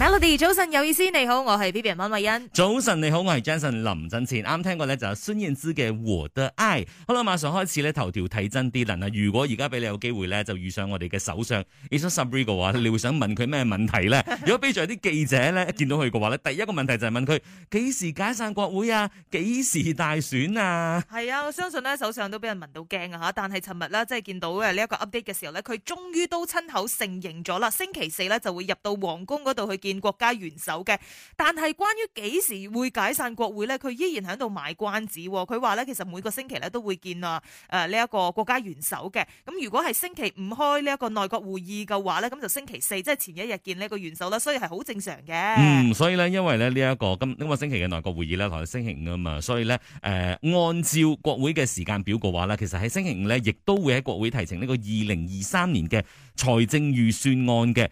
Melody 早晨有意思，你好，我係 Vivian 馬慧欣。早晨你好，我係 Johnson 林振前。啱聽過咧就係孫燕姿嘅《我的愛》。好啦，馬上開始咧頭條睇真啲啦。如果而家俾你有機會咧，就遇上我哋嘅首相 Ismail Sabri 嘅話，你會想問佢咩問題咧？ 如果俾在啲記者咧見到佢嘅話咧，第一個問題就係問佢幾時解散國會啊？幾時大選啊？係啊，我相信咧首相都俾人聞到驚啊吓。但係尋日咧即係見到嘅呢一個 update 嘅時候咧，佢終於都親口承認咗啦。星期四咧就會入到皇宮嗰度去。見國家元首嘅，但係關於幾時會解散國會咧，佢依然喺度賣關子。佢話咧，其實每個星期咧都會見啊，誒呢一個國家元首嘅。咁如果係星期五開呢一個內閣會議嘅話咧，咁就星期四即係前一日見呢個元首啦，所以係好正常嘅。嗯，所以咧，因為咧呢一個今呢個星期嘅內閣會議咧係星期五啊嘛，所以咧誒按照國會嘅時間表嘅話咧，其實喺星期五咧亦都會喺國會提呈呢個二零二三年嘅財政預算案嘅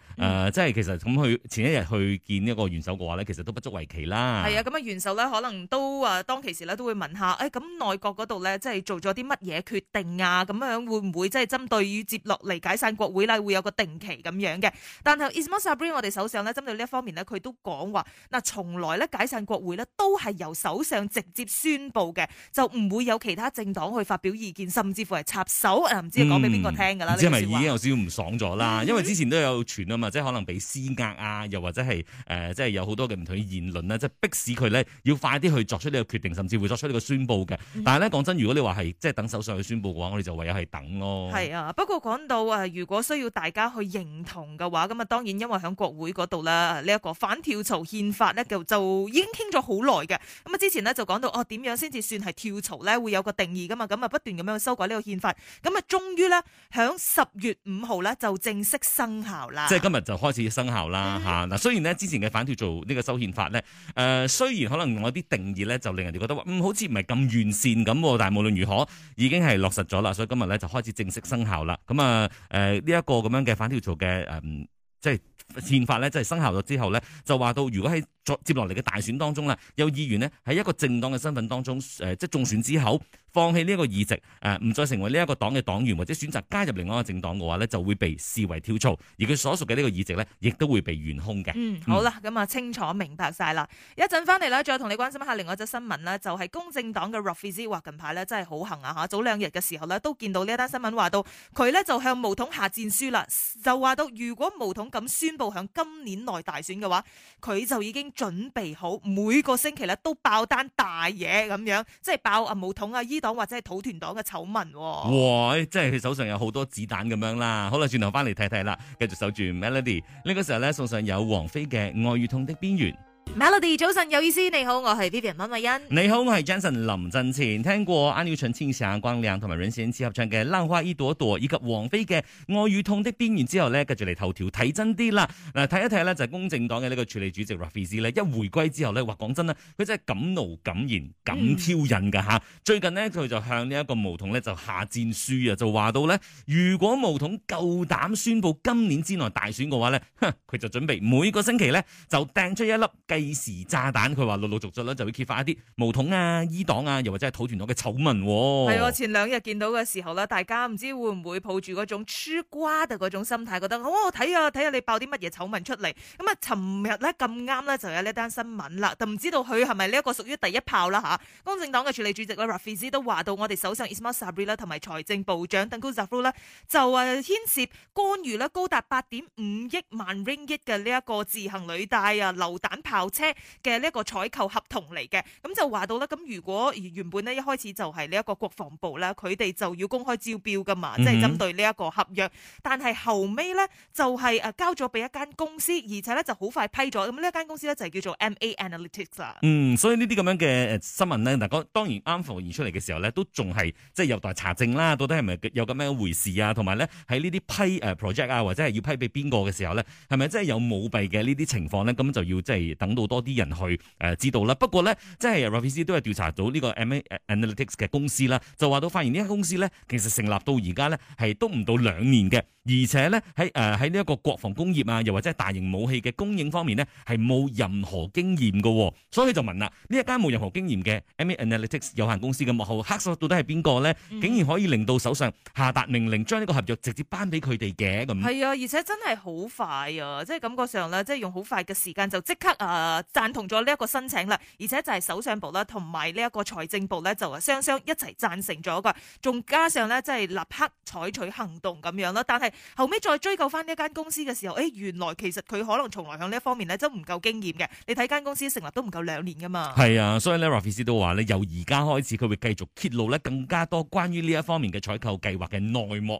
誒，即係其實咁去前一日。去見呢個元首嘅話咧，其實都不足為奇啦。係啊，咁啊元首咧，可能都啊當其時咧，都會問一下，誒咁內閣嗰度咧，即係做咗啲乜嘢決定啊？咁樣會唔會即係針對於接落嚟解散國會咧，會有個定期咁樣嘅？但係 Ismail Sabri，我哋首相咧，針對呢一方面呢，佢都講話嗱，從來咧解散國會呢，都係由首相直接宣布嘅，就唔會有其他政黨去發表意見，甚至乎係插手啊，唔知講俾邊個聽噶啦？呢啲事，已經有少少唔爽咗啦。嗯、因為之前都有傳啊嘛，即係可能俾施壓啊，又或者即係誒、呃，即係有好多嘅唔同嘅言論咧，即係迫使佢呢要快啲去作出呢個決定，甚至會作出呢個宣佈嘅。嗯、但係呢，講真，如果你話係即係等首相去宣佈嘅話，我哋就唯有係等咯。係啊，不過講到啊、呃，如果需要大家去認同嘅話，咁啊當然因為喺國會嗰度啦，呢、這、一個反跳槽憲法呢，就已經傾咗好耐嘅。咁啊之前呢，就講到哦，點樣先至算係跳槽呢？會有個定義㗎嘛。咁啊不斷咁樣去修改呢個憲法，咁啊終於呢，響十月五號呢就正式生效啦。即係今日就開始生效啦嚇。嗯啊雖然咧之前嘅反跳槽呢個修憲法咧，誒、呃、雖然可能有啲定義咧，就令人哋覺得話，嗯，好似唔係咁完善咁，但係無論如何，已經係落實咗啦，所以今日咧就開始正式生效啦。咁、呃、啊，誒呢一個咁樣嘅反跳槽嘅誒，即係憲法咧，即係生效咗之後咧，就話到如果喺接接落嚟嘅大選當中啦，有議員呢喺一個政黨嘅身份當中，誒、呃、即係中選之後。放棄呢一個議席，誒，唔再成為呢一個黨嘅黨員，或者選擇加入另外一個政黨嘅話呢，就會被視為跳槽，而佢所屬嘅呢個議席呢，亦都會被懸空嘅。嗯，好啦，咁啊、嗯、清楚明白晒啦，一陣翻嚟，呢，再同你關心一下另外一則新聞啦，就係、是、公正黨嘅 Rafizi 話近排呢真係好行啊吓，早兩日嘅時候呢，都見到呢一單新聞話到佢呢，就向巫統下戰書啦，就話到如果巫統咁宣布響今年內大選嘅話，佢就已經準備好每個星期呢都爆單大嘢，咁樣，即係爆阿、啊、巫統啊黨或者係土團黨嘅醜聞，哇！即係佢手上有好多子彈咁樣啦。好啦，轉頭返嚟睇睇啦，繼續守住 Melody。呢個時候咧，送上有王菲嘅《愛與痛的邊緣》。Melody 早晨有意思，你好，我係 Vivian 溫慧欣。你好，我係 Jenson 林振前。聽過阿牛陳慶祥、光良同埋 r 任賢齊合唱嘅《浪花一朵朵》，以及王菲嘅《愛與痛的邊緣》之後呢，跟住嚟頭條睇真啲啦。嗱，睇一睇呢，就係公正黨嘅呢個處理主席 Rafizi 呢一回歸之後呢，話講真啦，佢真係敢怒敢言、敢挑釁噶吓。嗯、最近呢，佢就向呢一個毛統呢，就下戰書啊，就話到呢：「如果毛統夠膽宣佈今年之內大選嘅話呢，佢就準備每個星期呢，就掟出一粒。」計時炸彈，佢話陸陸續續咧就會揭發一啲巫統啊、伊黨啊，又或者係土團黨嘅醜聞。哦，係喎，前兩日見到嘅時候咧，大家唔知道會唔會抱住嗰種吃瓜嘅嗰種心態，覺得，哦，睇下睇下你爆啲乜嘢醜聞出嚟。咁啊，尋日咧咁啱咧就有呢一單新聞啦，就唔知道佢係咪呢一個屬於第一炮啦嚇。公正黨嘅署理主席咧 Rafizi 都話到，我哋首相 Ismail Sabri 同埋財政部長 Tengku Zafrul 咧，就係牽涉干預呢，高達八點五億萬 Ringgit 嘅呢一個自行履帶啊，榴彈炮。車嘅呢一個採購合同嚟嘅，咁就話到啦。咁如果原本呢，一開始就係呢一個國防部咧，佢哋就要公開招標噶嘛，即係針對呢一個合約，但係後尾咧就係誒交咗俾一間公司，而且咧就好快批咗，咁呢一間公司咧就係叫做 MA Analytics。嗯，所以呢啲咁樣嘅誒新聞咧，嗱，當然啱浮現出嚟嘅時候咧，都仲係即係有待查證啦，到底係咪有咁樣回事啊？同埋咧喺呢啲批誒 project 啊，或者係要批俾邊個嘅時候咧，係咪真係有舞弊嘅呢啲情況咧？咁就要即係等。等到多啲人去誒知道啦，不過咧，即係 Ravi C 都係調查到呢個 M Analytics 嘅公司啦，就話到發現呢間公司咧，其實成立到而家咧係都唔到兩年嘅。而且咧喺誒喺呢一個國防工業啊，又或者係大型武器嘅供應方面呢，係冇任何經驗噶，所以就問啦，呢一間冇任何經驗嘅 M&A Analytics 有限公司嘅幕後黑手到底係邊個呢？竟然可以令到首相下達命令，將呢個合約直接頒俾佢哋嘅咁。係啊，而且真係好快啊！即係感覺上咧，即係用好快嘅時間就即刻啊呃、贊同咗呢一個申請啦，而且就係首相部啦，同埋呢一個財政部呢，就雙雙一齊贊成咗嘅，仲加上呢，即係立刻採取行動咁樣咯。但係。後尾再追究翻呢一間公司嘅時候，誒、哎，原來其實佢可能從來向呢一方面咧，都唔夠經驗嘅。你睇間公司成立都唔夠兩年噶嘛。係啊，所以呢，Rafis 都話咧，由而家開始，佢會繼續揭露咧更加多關於呢一方面嘅採購計劃嘅內幕。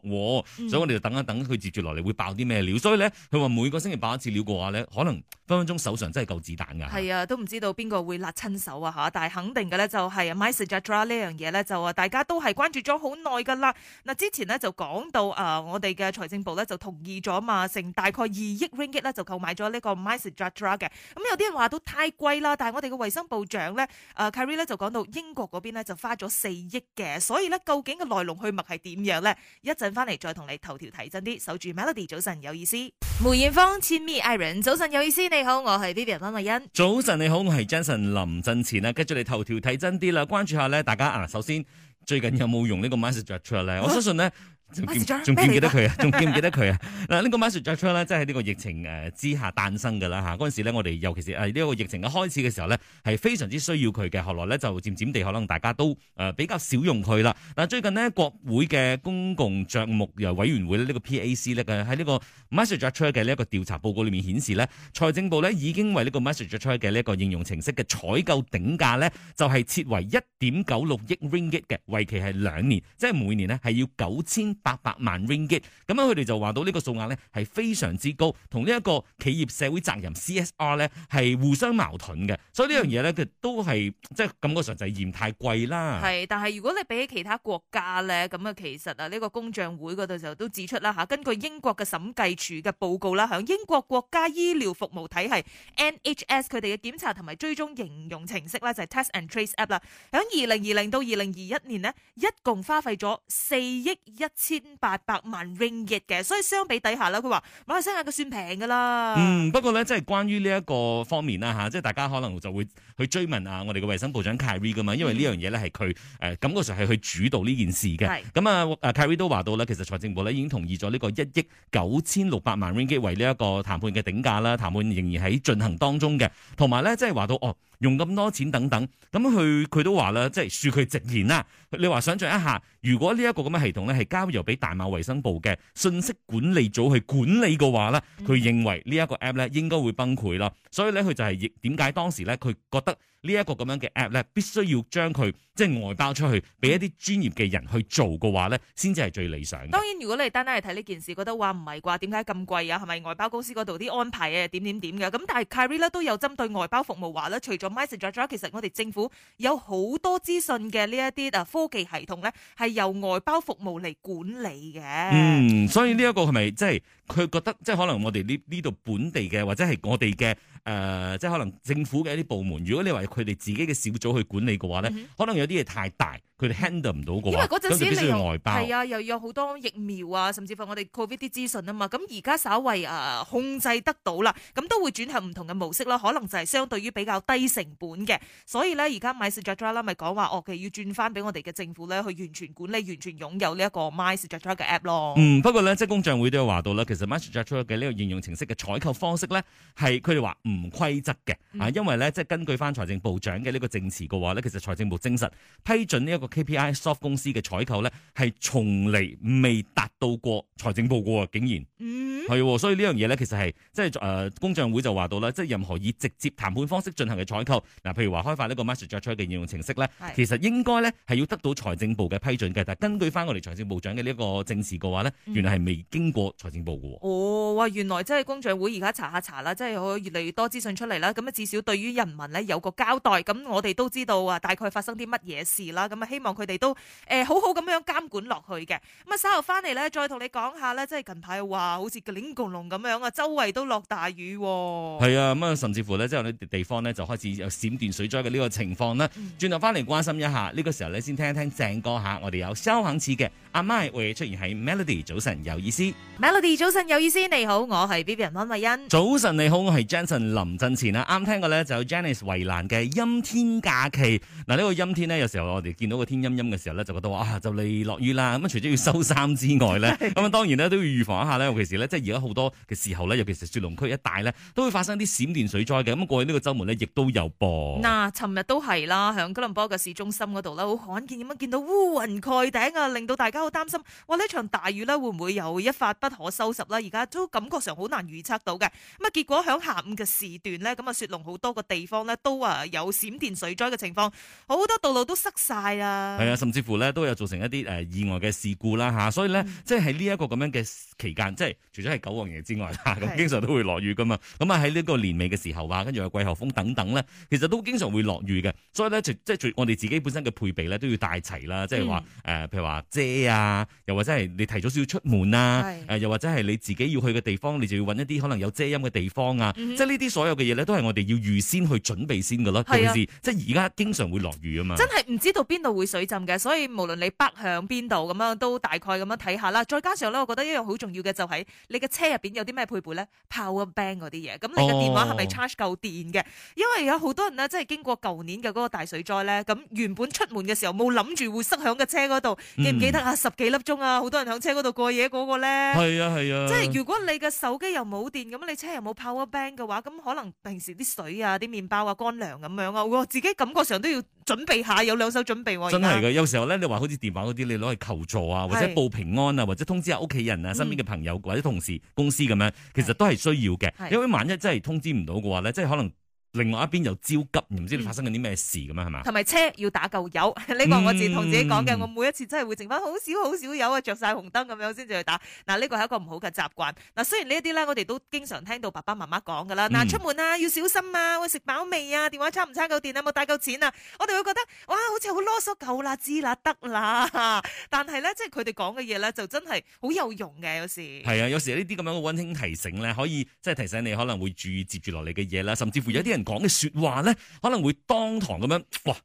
嗯、所以我哋就等一等，佢接住落嚟會爆啲咩料。所以咧，佢話每個星期爆一次料嘅話咧，可能分分鐘手上真係夠子彈噶。係啊，都唔知道邊個會辣親手啊吓，但係肯定嘅咧就係 MySejahtera 呢樣嘢咧就話大家都係關注咗好耐噶啦。嗱，之前咧就講到啊、呃，我哋嘅。財政部咧就同意咗嘛，成大概二億 Ringgit 就購買咗呢個 mice drug 嘅。咁、嗯、有啲人話都太貴啦，但係我哋嘅衛生部長咧，誒、呃、Kerry 咧就講到英國嗰邊咧就花咗四億嘅，所以咧，究竟嘅來龍去脈係點樣咧？一陣翻嚟再同你頭條睇真啲，守住 Melody 早晨有意思。梅艷芳、千咪、Iron 早晨有意思，你好，我係 Vivian 溫慧欣。早晨你好，我係 Jason 林振前啊，繼續嚟頭條睇真啲啦，關注下咧，大家啊，首先最近有冇用呢個 mice drug 咧？我相信咧。仲記唔記得佢啊？仲記唔記得佢啊？嗱，這個、呢個 MySejahtera 咧，即係呢個疫情之下誕生㗎啦。嗰陣時咧，我哋尤其是呢個疫情一開始嘅時候呢，係非常之需要佢嘅。後來呢，就漸漸地可能大家都、呃、比較少用佢啦。但最近呢，國會嘅公共帳目委員會、這個、呢個 PAC 呢嘅喺呢個 MySejahtera 嘅呢一個調查報告裡面顯示呢，財政部呢已經為呢個 MySejahtera 嘅呢一個應用程式嘅採購頂價呢，就係設為一點九六億 ringgit 嘅，為期係兩年，即係每年呢係要九千。八百萬 ringgit，咁樣佢哋就話到呢個數額咧係非常之高，同呢一個企業社會責任 CSR 咧係互相矛盾嘅，所以呢樣嘢咧佢都係即係感覺上就係嫌太貴啦。係，但係如果你比起其他國家咧，咁啊其實啊呢個公帳會嗰度就都指出啦嚇，根據英國嘅審計署嘅報告啦，響英國國家醫療服務體系 NHS，佢哋嘅檢查同埋追蹤應用程式啦，就係 Test and Trace App 啦，響二零二零到二零二一年咧一共花費咗四億一千。千八百萬 ringgit 嘅，所以相比底下啦，佢話馬來西亞嘅算平噶啦。嗯，不過咧，即係關於呢一個方面啦，吓，即係大家可能就會去追問啊，我哋嘅衛生部長 Carrie 噶嘛，因為呢樣嘢咧係佢誒，咁嗰時係去主導呢件事嘅。係咁是啊，Carrie 都話到啦，其實財政部咧已經同意咗呢個一億九千六百萬 ringgit 為呢一個談判嘅頂價啦。談判仍然喺進行當中嘅，同埋咧，即係話到哦，用咁多錢等等，咁佢佢都話啦，即係恕佢直言啦，你話想象一下。如果呢一個咁嘅系統咧係交由俾大馬衞生部嘅信息管理組去管理嘅話咧，佢認為呢一個 app 咧應該會崩潰啦。所以咧，佢就係點解當時咧佢覺得呢一個咁樣嘅 app 咧必須要將佢即係外包出去俾一啲專業嘅人去做嘅話咧，先至係最理想。當然如果你單單係睇呢件事，覺得話唔係啩？點解咁貴啊？係咪外包公司嗰度啲安排啊？點點點嘅咁？但係 Kerry 咧都有針對外包服務話咧，除咗 MySejahtera，其實我哋政府有好多資訊嘅呢一啲科技系統咧係。由外包服務嚟管理嘅，嗯，所以呢一個係咪即係佢覺得即係可能我哋呢呢度本地嘅或者係我哋嘅誒，即係可能政府嘅一啲部門，如果你話佢哋自己嘅小組去管理嘅話咧，嗯、哼可能有啲嘢太大。佢哋 handle 唔到個，咁啲是外包。係啊，又有好多疫苗啊，甚至乎我哋 Covid 啲資訊啊嘛。咁而家稍為啊控制得到啦，咁都會轉向唔同嘅模式啦。可能就係相對於比較低成本嘅，所以咧而家 MySejahtera 嘅咪講話，我哋要轉翻俾我哋嘅政府咧去完全管理、完全擁有呢一個 MySejahtera 嘅 app 咯、嗯。不過咧即係公賬會都有話到啦，其實 MySejahtera 嘅呢個應用程式嘅採購方式咧係佢哋話唔規則嘅啊，嗯、因為咧即根據翻財政部長嘅呢個證詞嘅話咧，其實財政部證實批准呢、這、一個 KPI Soft 公司嘅採購咧，係從嚟未達到過財政報告啊，竟然。係喎、嗯哦，所以這件事呢樣嘢咧，其實係即係誒工匠會就話到咧，即係任何以直接談判方式進行嘅採購，嗱、呃，譬如話開發呢個 message 著出嘅應用程式咧，是其實應該咧係要得到財政部嘅批准嘅。但係根據翻我哋財政部長嘅呢個證詞嘅話呢，原來係未經過財政部嘅。嗯、哦，哇！原來即係工匠會而家查下查啦，即係越嚟越多資訊出嚟啦。咁啊，至少對於人民呢，有個交代。咁我哋都知道啊，大概發生啲乜嘢事啦。咁啊，希望佢哋都誒好好咁樣監管落去嘅。咁啊，稍後翻嚟咧，再同你講下咧，即係近排話，好似。領共龍咁樣啊，周圍都落大雨、哦。係啊，咁啊，甚至乎呢，即係呢地方呢，就開始有閃斷水災嘅呢個情況咧。轉頭翻嚟關心一下，呢、這個時候呢，先聽一聽鄭歌吓，我哋有收肯次嘅阿 m a 會出現喺 Melody 早晨有意思。Melody 早晨有意思，你好，我係 B B 人溫慧欣。早晨你好，我係 j a n s o n 林俊前啊。啱聽過呢，就有 j a n i c e 衛蘭嘅陰天假期。嗱、這、呢個陰天呢，有時候我哋見到個天陰陰嘅時候呢，就覺得話啊，就嚟落雨啦。咁啊，除咗要收衫之外呢，咁啊、嗯， 當然呢，都要預防一下呢，尤其是呢。即係。而家好多嘅時候咧，尤其是雪龍區一帶咧，都會發生啲閃電水災嘅。咁啊，過去呢個周末呢，亦都有噃。嗱，尋日都係啦，喺吉隆坡嘅市中心嗰度啦，好罕見點樣見到烏雲蓋頂啊，令到大家好擔心。哇！呢場大雨咧，會唔會有一發不可收拾咧？而家都感覺上好難預測到嘅。咁啊，結果喺下午嘅時段呢，咁啊，雪龍好多個地方呢，都啊有閃電水災嘅情況，好多道路都塞晒啦。係啊，甚至乎呢，都有造成一啲誒意外嘅事故啦吓，所以呢、嗯，即係喺呢一個咁樣嘅期間，即係喺九皇爺之外啦，咁經常都會落雨噶嘛。咁啊喺呢個年尾嘅時候啊，跟住有季候風等等咧，其實都經常會落雨嘅。所以咧，即係我哋自己本身嘅配備咧，都要帶齊啦。即係話誒，譬如話遮啊，又或者係你提早少少出門啊，是 又或者係你自己要去嘅地方，你就要揾一啲可能有遮陰嘅地方啊。即係呢啲所有嘅嘢咧，都係我哋要預先去準備先嘅咯，係即係而家經常會落雨啊嘛。真係唔知道邊度會水浸嘅，所以無論你北向邊度咁樣，都大概咁樣睇下啦。再加上咧，我覺得一樣好重要嘅就係你嘅車入邊有啲咩配備咧？Power bank 嗰啲嘢，咁你嘅電話係咪 charge 夠電嘅？哦、因為有好多人咧，即係經過舊年嘅嗰個大水災咧，咁原本出門嘅時候冇諗住會塞響個車嗰度，記唔記得啊？十幾粒鐘啊，好多人響車嗰度過夜嗰個咧。係啊係啊，即，即係如果你嘅手機又冇電，咁你車又冇 power bank 嘅話，咁可能平時啲水啊、啲麵包啊、乾糧咁樣啊，自己感覺上都要準備下，有兩手準備喎、啊。真係嘅，有時候咧，你話好似電話嗰啲，你攞去求助啊，或者報平安啊，或者通知下屋企人啊、身邊嘅朋友、嗯、或者同事。公司咁樣，其實都係需要嘅，因為萬一真係通知唔到嘅話咧，即係可能。另外一邊又焦急，唔知你發生緊啲咩事咁啊？係嘛、嗯？同埋車要打夠油？呢個我自己同自己講嘅，嗯、我每一次真係會剩翻好少好少油啊，着晒紅燈咁樣先至去打。嗱，呢個係一個唔好嘅習慣。嗱，雖然呢一啲咧，我哋都經常聽到爸爸媽媽講噶啦。嗱、嗯，出門啊要小心啊，會食飽未啊？電話差唔差夠電啊？冇帶夠錢啊？我哋會覺得哇，好似好囉嗦夠啦、知啦、得啦。但係咧，即係佢哋講嘅嘢咧，就真係好有用嘅。有時係啊，有時呢啲咁樣嘅溫馨提醒咧，可以即係提醒你可能會注意接住落嚟嘅嘢啦，甚至乎有啲人。講嘅說話咧，可能會當堂咁樣哇，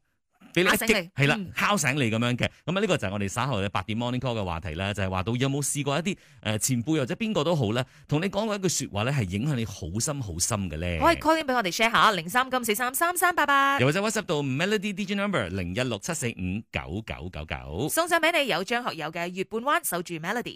俾你一擊係啦，敲醒你咁樣嘅。咁啊，呢個就係我哋稍後嘅八點 Morning Call 嘅話題啦，就係話到有冇試過一啲誒前輩或者邊個都好咧，同你講過一句說話咧，係影響你好深好深嘅咧。可以 call in 俾我哋 share 下零三九四三三三八八，又或者 WhatsApp 到 Melody Digit Number 零一六七四五九九九九，送上俾你有張學友嘅《月半彎》，守住 Melody。